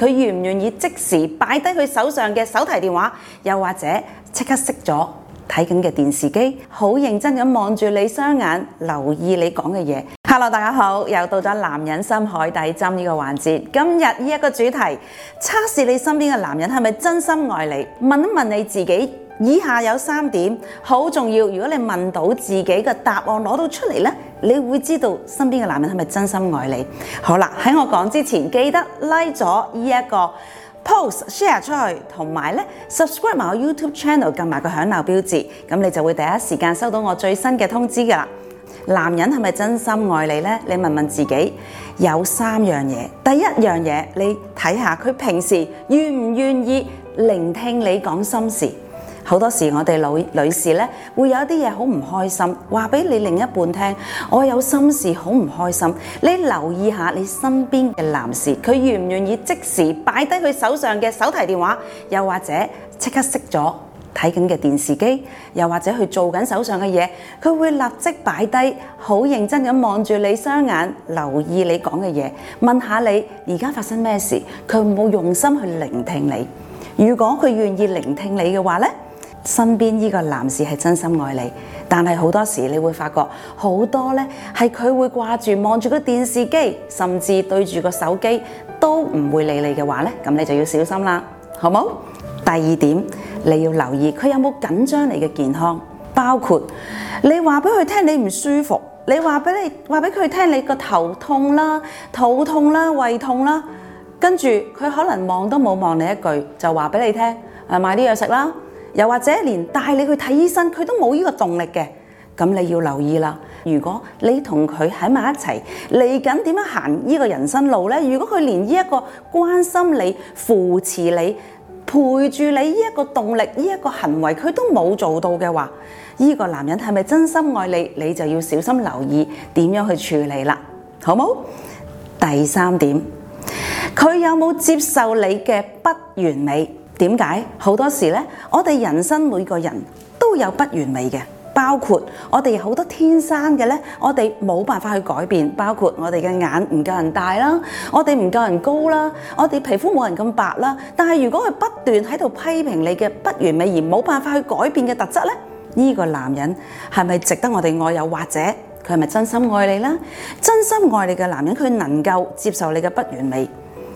佢願唔願意即時擺低佢手上嘅手提電話，又或者即刻熄咗睇緊嘅電視機，好認真咁望住你雙眼，留意你講嘅嘢。Hello，大家好，又到咗男人心海底針呢個環節。今日呢一個主題，測試你身邊嘅男人係咪真心愛你？問一問你自己，以下有三點好重要。如果你問到自己嘅答案攞到出嚟呢。你會知道身邊嘅男人係咪真心愛你？好啦，喺我講之前，記得拉咗呢一個 post share 出去，同埋咧 subscribe 埋我的 YouTube channel，撳埋個響鬧標誌，咁你就會第一時間收到我最新嘅通知噶啦。男人係咪真心愛你呢？你問問自己，有三樣嘢。第一樣嘢，你睇下佢平時願唔願意聆聽你講心事。好多時我哋女女士呢，會有一啲嘢好唔開心，話俾你另一半聽，我有心事，好唔開心。你留意下你身邊嘅男士，佢願唔願意即時擺低佢手上嘅手提電話，又或者即刻熄咗睇緊嘅電視機，又或者去做緊手上嘅嘢，佢會立即擺低，好認真咁望住你雙眼，留意你講嘅嘢，問下你而家發生咩事。佢冇用心去聆聽你。如果佢願意聆聽你嘅話呢？身邊依個男士係真心愛你，但係好多時你會發覺好多呢係佢會掛住望住個電視機，甚至對住個手機都唔會理你嘅話呢，咁你就要小心啦，好冇？第二點，你要留意佢有冇緊張你嘅健康，包括你話俾佢聽你唔舒服，你話俾你話俾佢聽你個頭痛啦、肚痛啦、胃痛啦，跟住佢可能望都冇望你一句就話俾你聽，誒、啊、買啲藥食啦。又或者連帶你去睇醫生，佢都冇呢個動力嘅，咁你要留意啦。如果你同佢喺埋一齊，嚟緊點樣行呢個人生路咧？如果佢連呢一個關心你、扶持你、陪住你呢一個動力、呢一個行為，佢都冇做到嘅話，呢個男人係咪真心愛你？你就要小心留意點樣去處理啦，好冇？第三點，佢有冇接受你嘅不完美？點解好多時咧？我哋人生每個人都有不完美嘅，包括我哋好多天生嘅咧，我哋冇辦法去改變。包括我哋嘅眼唔夠人大啦，我哋唔夠人高啦，我哋皮膚冇人咁白啦。但係如果佢不斷喺度批評你嘅不完美而冇辦法去改變嘅特質咧，呢個男人係咪值得我哋愛？又或者佢係咪真心愛你啦？真心愛你嘅男人，佢能夠接受你嘅不完美。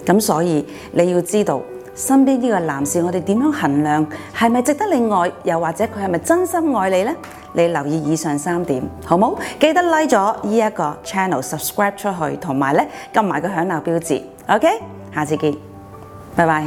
咁所以你要知道。身邊呢個男士，我哋點樣衡量係咪值得你愛？又或者佢係咪真心愛你呢？你留意以上三點，好冇？記得 like 咗呢一個 channel subscribe 出去，同埋呢，撳埋個響鬧標誌。OK，下次見，拜拜。